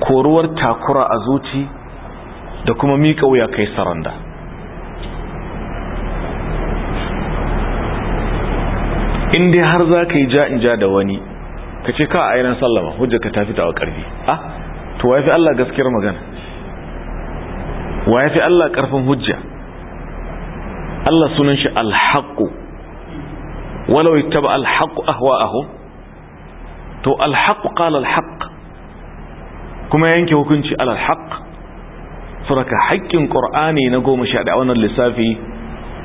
koruwar takura a zuci da kuma miƙa wuya kai saranda in dai har za ka yi ja in ja da wani ka ce ka a ainihin sallama hujjar ka tafi tawa karfi ah to wa fi Allah gaskiyar magana wa fi Allah ƙarfin hujja Allah sunan shi alhaƙo walau ita ba alhaƙo ahwa aho to alhaƙo ƙala alhaƙ kuma yanke hukunci alhaƙ suraka haƙƙin ƙor'ani na goma sha da lissafi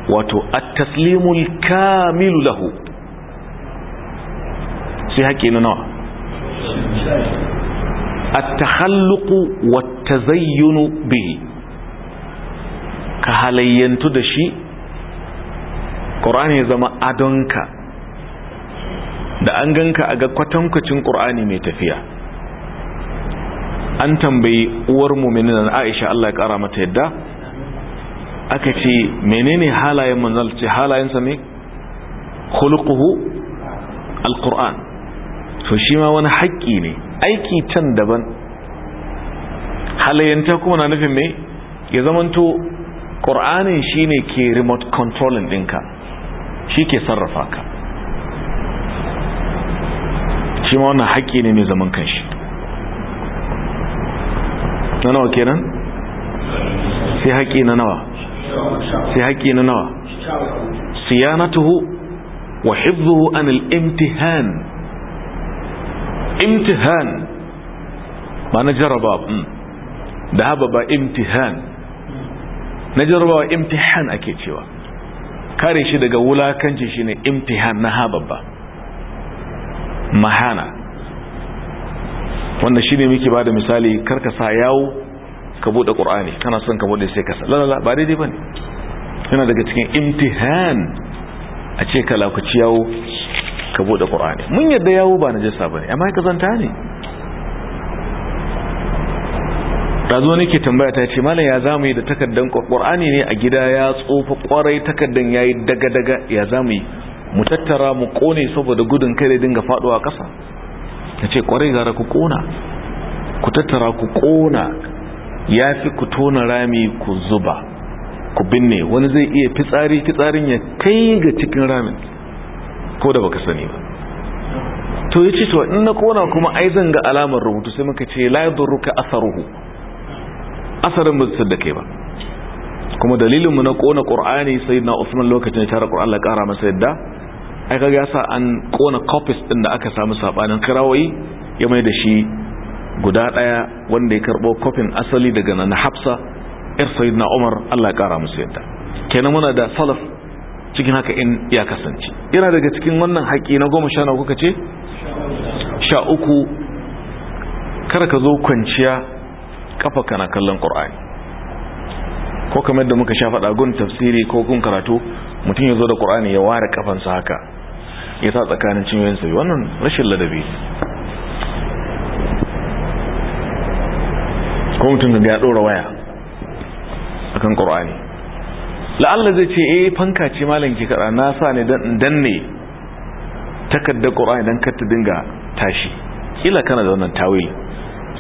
wato at-taslimul kamilu lahu sai haƙe na nawa a takhalluqu wata zayyunu bihi ka halayyantu da shi ƙorani ya zama adonka da an ganka a ga kwatankwacin ƙur'ani mai tafiya an tambayi uwar mu'minin Aisha Allah ya kara mata yadda aka ce menene halayen manzalci halayensa ne khuluquhu alquran to shi ma wani haƙƙi ne aiki can daban halayyanta kuma na nufin me ya zamanto ƙur'anin shi ne ke remote controlling ɗinka shi ke sarrafa ka shi ma wannan haƙƙi ne mai zaman kanshi na nawa kenan sai haƙƙi na nawa sai haƙƙi na nawa siyanatuhu wa hifzuhu an al-imtihan imtihan ba na jaraba da haba ba imtihan na jarabawa imtihan ake cewa kare shi daga wulakanci ne imtihan na hababba mahana wanda shi miki muke da misali karka sa yawo ka bude qur'ani kana son ka buɗe sai kasa lalala ba daidai ba ne. yana daga cikin imtihan a ce ka yawo ka bude qur'ani mun yadda yawo ba najasa bane amma ka zanta ne dazo nake tambaya ta ce malam ya zamu yi da takardan qur'ani ne a gida ya tsofa kwarai takardan yayi daga daga ya zamu yi mu tattara mu kone saboda gudun kai da dinga faduwa kasa ce kwarai gara ku kona ku tattara ku kona yafi ku tona rami ku zuba ku binne wani zai iya fitsari fitsarin ya kai ga cikin ramin ko da baka sani ba to yace to in na kona kuma ai zan ga alamar rubutu sai muka ce la yadurruka atharuhu asarin ba su da kai ba kuma dalilin mu na kona qur'ani sayyidina usman lokacin da tara qur'an la kara masa yadda ai kaga yasa an kona copies din da aka samu sabanin karawayi ya mai da shi guda daya wanda ya karbo copy asali daga nan Hafsa yar sayyidina Umar Allah ya kara masa yadda kenan muna da salaf cikin haka in ya kasance yana daga cikin wannan haƙi na goma sha kuka ce sha uku kar ka zo kwanciya kafa kana kallon Kur'ani. ko kamar da muka sha faɗa gun tafsiri ko gun karatu mutum ya zo da ƙur'ani ya ware kafansa haka ya sa tsakanin cinyoyinsa wannan rashin ladabi ko mutum ga ya ɗora waya akan Kur'ani. la'alla zai ce eh fanka ce malam ki kada na sa ne dan danne takarda qur'ani dan kar ta dinga tashi kila kana da wannan tawil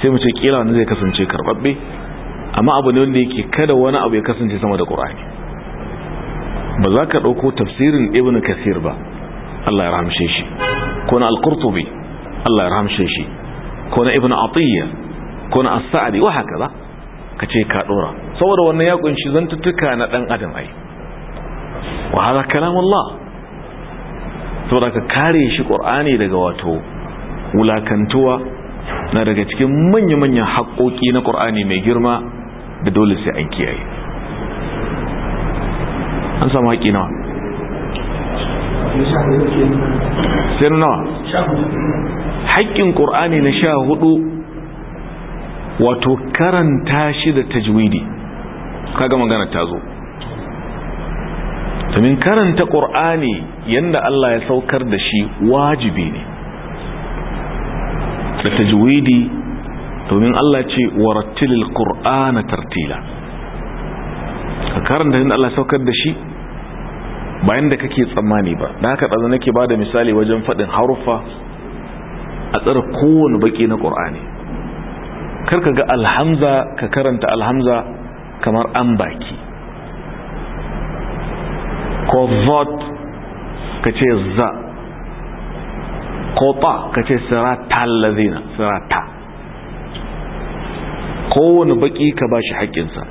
sai mu ce kila wannan zai kasance karbabbe amma abu ne wanda yake kada wani abu ya kasance sama da qur'ani ba za ka dauko tafsirin ibnu kasir ba Allah ya rahamshe shi ko na al-qurtubi Allah ya rahamshe shi ko na ibnu atiyya ko na as-sa'di wa hakaza kace ka dora saboda wannan ya kunshi zantuttuka na dan adam ai wa hada kalamullah saboda ka kare shi qur'ani daga wato wulakantuwa na daga cikin manya-manyan haƙoƙi na qur'ani mai girma da dole sai an kiyaye an samu haƙi nawa sai nawa haƙƙin qur'ani na sha hudu wato karanta shi da tajwidi kaga magana ta zo domin karanta ƙur'ani yadda Allah ya saukar da shi wajibi ne da tajwidi domin Allah ce warattilil ƙur'ana tartila ka karanta yadda Allah ya saukar da shi bayan da kake tsammani ba da haka ɗazu nake ba da misali wajen faɗin haruffa a tsara kowane baƙi na ƙur'ani karka ga alhamza ka karanta alhamza kamar an baki ko zot ka ce za ko ta ka ce sirata lazina sirata kowane baki ka ba shi haƙƙinsa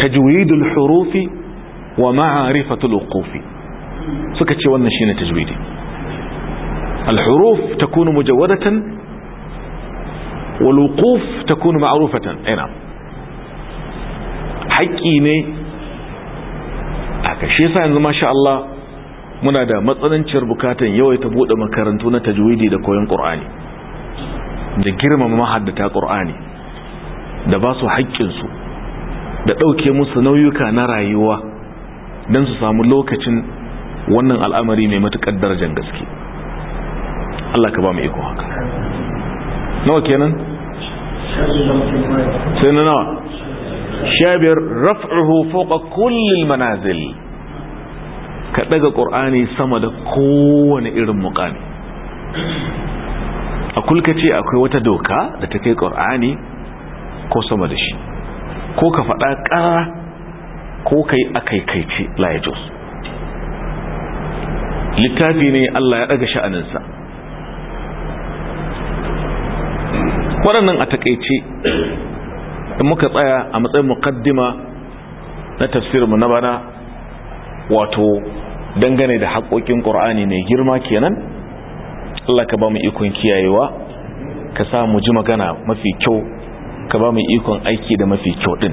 ka juwidul hurufi wa ma'arifatul uqufi suka ce wannan shine tajwidi al-huruf takunu mujawwadatan wal uquf takunu ma'rufatan ina haƙƙi ne a kashe sa yanzu masha Allah muna da matsananciyar bukatan ta buɗe makarantu na tajwidi da koyon ƙur'ani da girmama mahaddata ƙur'ani da ba su haƙƙinsu da ɗauke musu nauyuka na rayuwa don su samu lokacin wannan al'amari mai matuƙar darajar gaske Allah ka ba mu iko haka nawa kenan sai na nawa Shabiyar raf'uhu fawqa kulli manazil ka daga qur'ani sama da kowane irin muqami a kulka akwai wata doka da ta kai qur'ani ko sama da shi ko ka faɗa ƙara ko kai akaikaici la yajuz littafi ne Allah ya daga sha'aninsa waɗannan a takaice in muka tsaya a matsayin muqaddima na tafsirinmu na bana wato dangane da haƙoƙin ƙur'ani mai girma kenan Allah ka ba mu ikon kiyayewa ka sa mu ji magana mafi kyau ka ba mu ikon aiki da mafi kyau ɗin.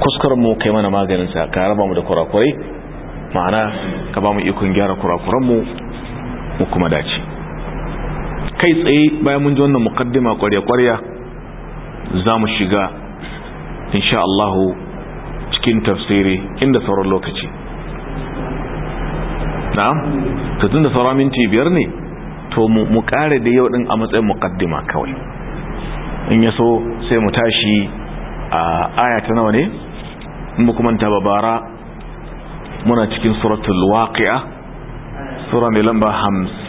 kuskuren mu kai mana maganin sa ka raba mu da kurakurai ma'ana ka ba mu ikon gyara kurakuran mu mu kuma dace kai tsaye bayan mun ji wannan muqaddima ƙwarya-ƙwarya za mu shiga insha Allah cikin tafsiri inda sauran lokaci na'am to tunda sauran minti biyar ne to mu kare da yau din a matsayin muqaddima kawai in yaso sai mu tashi a aya ta nawa ne in mu kuma ta babara muna cikin suratul waqi'a sura mai lamba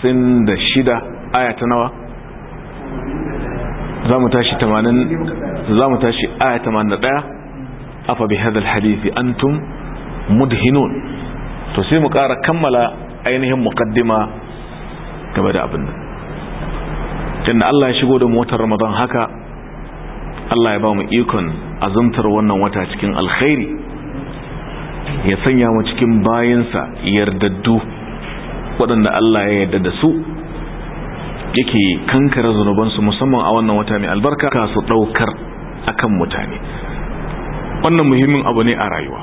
56 aya ta nawa za mu tashi 80 za mu tashi aya 81 afa bi hadal hadithi antum mudhinun to sai mu ƙara kammala ainihin muqaddima game da abin nan tunda Allah ya shigo da motar Ramadan haka Allah ya ba mu ikon azumtar wannan wata cikin alkhairi ya sanya mu cikin bayinsa yardaddu waɗanda Allah ya yarda da su yake kankara zunubansu musamman a wannan wata mai albarka ka su daukar akan mutane wannan muhimmin abu ne a rayuwa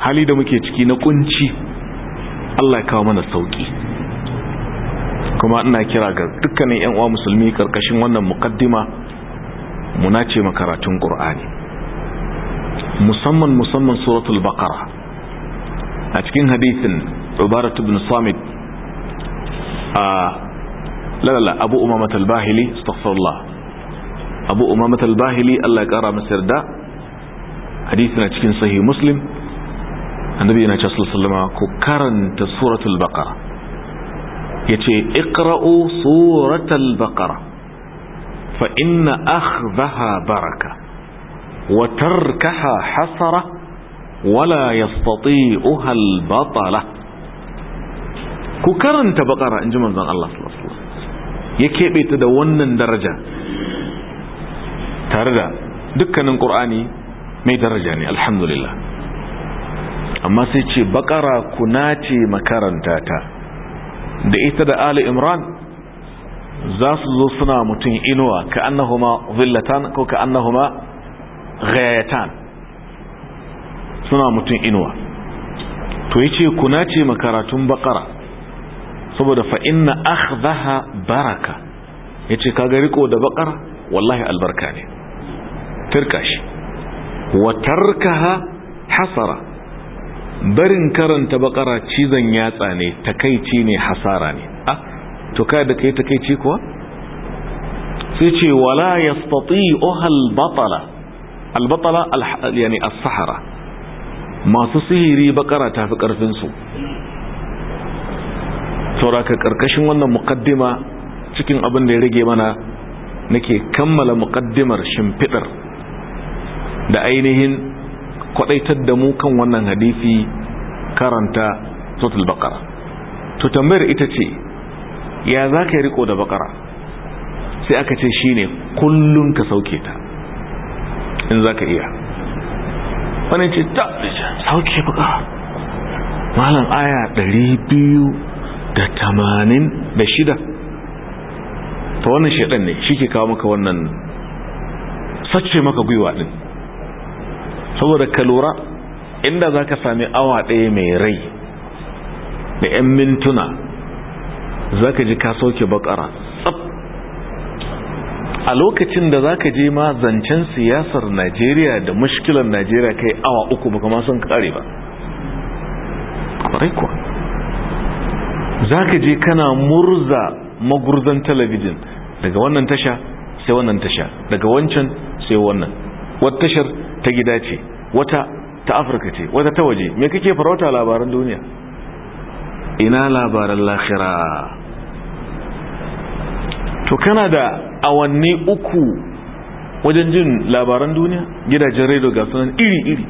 hali da muke ciki na kunci Allah ya kawo mana sauƙi. kuma ina kira ga dukkanin yan uwa musulmi karkashin wannan mukaddima muna ce makaratun qur'ani musamman musamman suratul baqara a cikin hadisin ibaratu ibn samit a لا لا لا abu umamat al-bahili astaghfirullah abu umamat al-bahili Allah ya kara masa yarda hadisi na cikin sahih muslim annabi yana cewa sallallahu alaihi ku karanta suratul baqara yace iqra'u suratul baqara fa inna akhdaha baraka wa tarkaha hasara wala yastati'uha al-batala ku karanta baqara inji manzon Allah ya keɓe ta da wannan daraja tare da dukkanin ƙur'ani mai daraja ne alhamdulillah amma sai ce bakara kuna ce makaranta ta da ita da ali imran za su zo suna mutum inuwa ka annahuma villatan ko ka annahuma ghayatan suna mutum inuwa to yace kuna ce makaratun bakara saboda fa inna akhdaha baraka ya yace kaga riko da bakar wallahi albarka ne tirka shi wa tarkaha hasara barin karanta bakara cizon yatsa ne takaici ne hasara ne ah to kai da kai takaici kuwa sai ce wala yastati'uha al-batala al-batala yani as-sahara masu sihiri bakara tafi karfin su sauraka karkashin wannan mukaddima cikin abin da ya rage mana nake kammala mukaddimar shimfidar da ainihin kwadaitar da mu kan wannan hadisi karanta total baqara to tambayar ita ce ya za ka riko da baqara sai aka ce shi ne kullum ka sauke ta in za ka iya Wani ce ta sauke baqara malam aya biyu. da tamanin da shida ta wannan shaɗan ne shi ke kawo maka wannan sace maka gwiwa ɗin saboda ka lura inda za ka sami awa ɗaya mai rai da 'yan mintuna za ka ji ka sauke bakara tsab a lokacin da za ka je ma zancen siyasar najeriya da mashkilar najeriya kai awa uku ba kama sun kare ba kwarai kuwa za ka je kana murza magurzan talabijin daga wannan tasha sai wannan tasha daga wancan sai wannan wata tashar ta gida ce wata ta afirka ce wata ta waje me kake farauta labaran duniya ina labaran lahira to kana da awanni uku wajen jin labaran duniya gidajen radio ga sunan iri-iri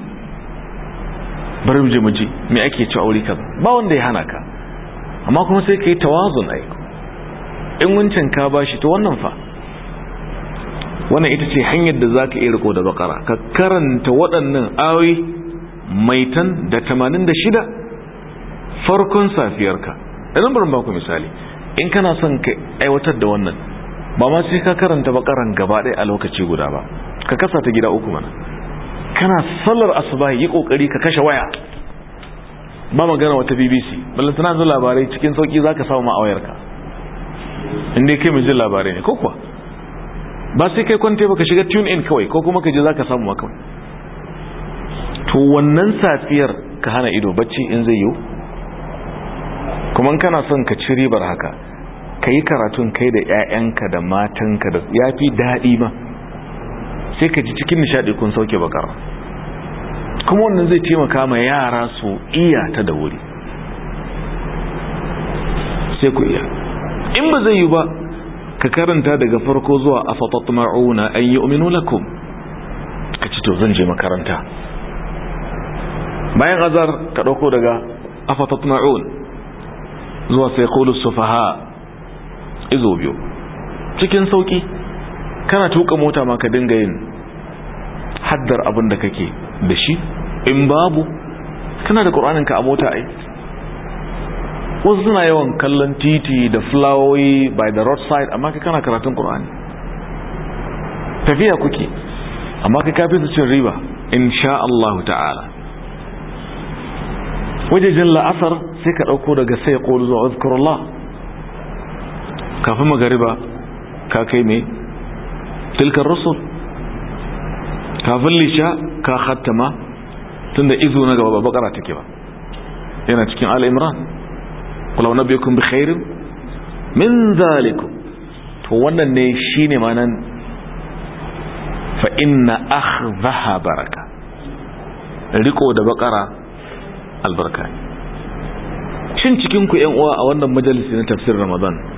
bari mu je mu ji me ake ci aure kaza ba wanda ya hana ka amma kuma sai ka yi tawazun ai in wancan ka ba shi ta wannan fa wannan ita ce hanyar da za ka iya riko da bakara ka karanta waɗannan awi maitan da tamanin da shida farkon safiyarka idan ba ku misali in kana son ka aiwatar da wannan ba ma sai ka karanta bakaran gaba ɗaya a lokaci guda ba ka kasa ta gida uku mana kana sallar asuba yi kokari ka kashe waya ba magana wata bbc balanta na zo labarai cikin sauki za ka samu ma'awayarka inda kai mai jin labarai ne ko kuwa ba sai kai kwanta ba ka shiga tune in kawai ko kuma ka je za ka samu ma kawai to wannan safiyar ka hana ido bacci in zai yiwu kuma kana son ka ci ribar haka ka yi karatun kai da 'ya'yanka da matanka da ya fi daɗi ma sai ka ji cikin nishaɗi kun sauke bakara kuma wannan zai taimaka ma yara su iya ta da wuri sai ku iya in ba zai yi ba ka karanta daga farko zuwa ma'auna an yu'minu lakum ka ci to zan je makaranta bayan azar ka ɗauko daga ma'auna zuwa sai su faha izo biyu cikin sauki kana tuka mota ma ka dinga yin haddar abin da kake da shi in babu kana da ka a mota ai wasu suna yawan kallon titi da fulawoyi by the roadside amma kai kana karatun ƙur'ani tafiya kuke amma kai kafin su cin riba insha Allah ta'ala wajejin la'asar sai ka ɗauko daga sai ƙolu zuwa azkurullah kafin magariba ka kai mai tilkar rasul kafin lisha ka khatama tunda izo na gaba ba bakara take ba yana cikin al imran qul wa nabiyukum bi khairin min zalikum to wannan ne shine manan fa inna akhdaha baraka riko da bakara albarka shin cikin ku yan uwa a wannan majalisi na tafsir ramadan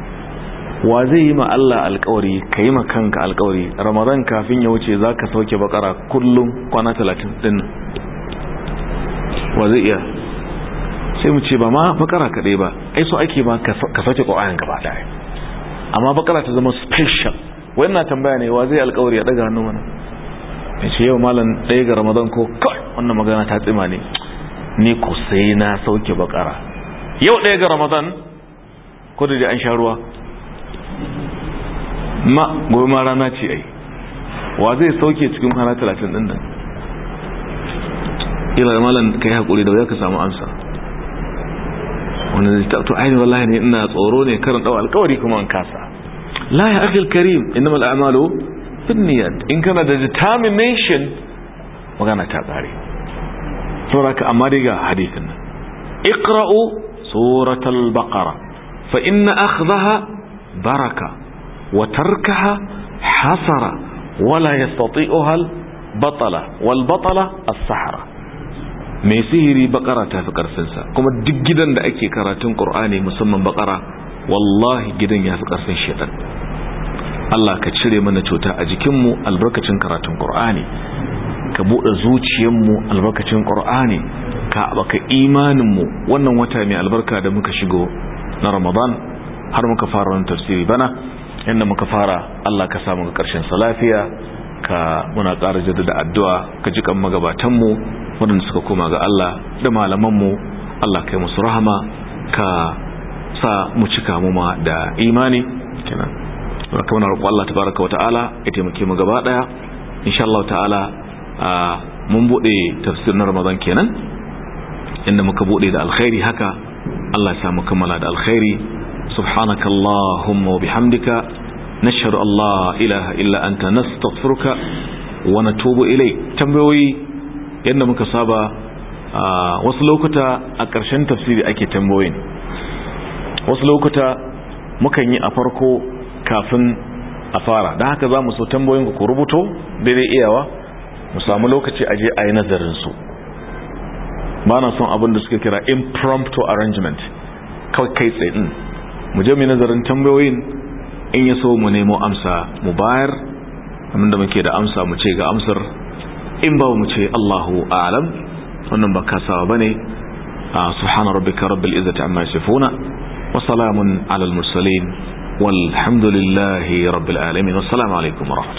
wa zai yi ma Allah alkawari ka yi ma kanka alkawari ramadan kafin ya wuce za ka sauke bakara kullum kwana talatin din wa zai iya sai mu ce ba ma bakara kaɗai ba ai so ake ma ka sauke ƙwa'ayan gaba ɗaya amma bakara ta zama special na tambaya ne wa zai alkawari ya ɗaga hannu mana mai ce yau malam ɗaya ga ramadan ko kawai wannan magana ta tsima ne ni ko sai na sauke bakara yau ɗaya ga ramadan ko da an sha ruwa ma gobe ma rana ce ai wa zai sauke cikin kwana talatin din nan ila da malam kai hakuri da zaka samu amsa wannan zai ta to ainihin wallahi ne ina tsoro ne karin dawa alkawari kuma an kasa la ya akil karim innamal a'malu binniyat in kana da determination magana ta kare saboda ka amma dai ga hadisin nan iqra'u suratul baqara fa inna akhdaha baraka wa tarkaha hasara wala yastati'uha batala wal batala sahara mai sihiri bakara ta fi karfinsa kuma duk gidan da ake karatun ƙur'ani musamman bakara wallahi gidan ya fi karfin shaitan Allah ka cire mana cuta a jikinmu albarkacin karatun ƙur'ani ka buɗe zuciyarmu albarkacin ƙur'ani ka baka imaninmu wannan wata mai albarka da muka shigo na ramadan har muka fara wani tafsiri bana inda muka fara Allah ka samu karshen sa lafiya ka muna ƙara jaddada addu'a ka jikan magabatanmu Wadanda suka koma ga Allah da malamanmu Allah kai musu rahama ka sa mu cika mu ma da imani kenan ka muna roƙo Allah tabaraka wa ta'ala ya taimake mu gaba daya insha Allah ta'ala mun bude tafsirin Ramadan kenan inda muka bude da alkhairi haka Allah ya sa kammala da alkhairi سبحانك اللهم وبحمدك نشهد الله إله إلا أنت نستغفرك ونتوب إليك تنبوي إن مكسابة wasu lokuta a ƙarshen tafsiri ake tambayoyin wasu lokuta mukan yi a farko kafin a fara don haka za mu so tambayoyin ku rubuto daidai iyawa mu samu lokaci a je a yi nazarinsu ba na son abin da suka kira impromptu arrangement kawai kai tsaye mm. mu je mu nazarin tambayoyin in ya so mu nemo amsa mu bayar inda muke da amsa mu ce ga amsar in ba mu ce Allahu a'lam wannan ba kasawa bane subhana rabbika rabbil izzati amma yasifuna wa salamun alal mursalin والحمد لله رب العالمين والسلام عليكم ورحمة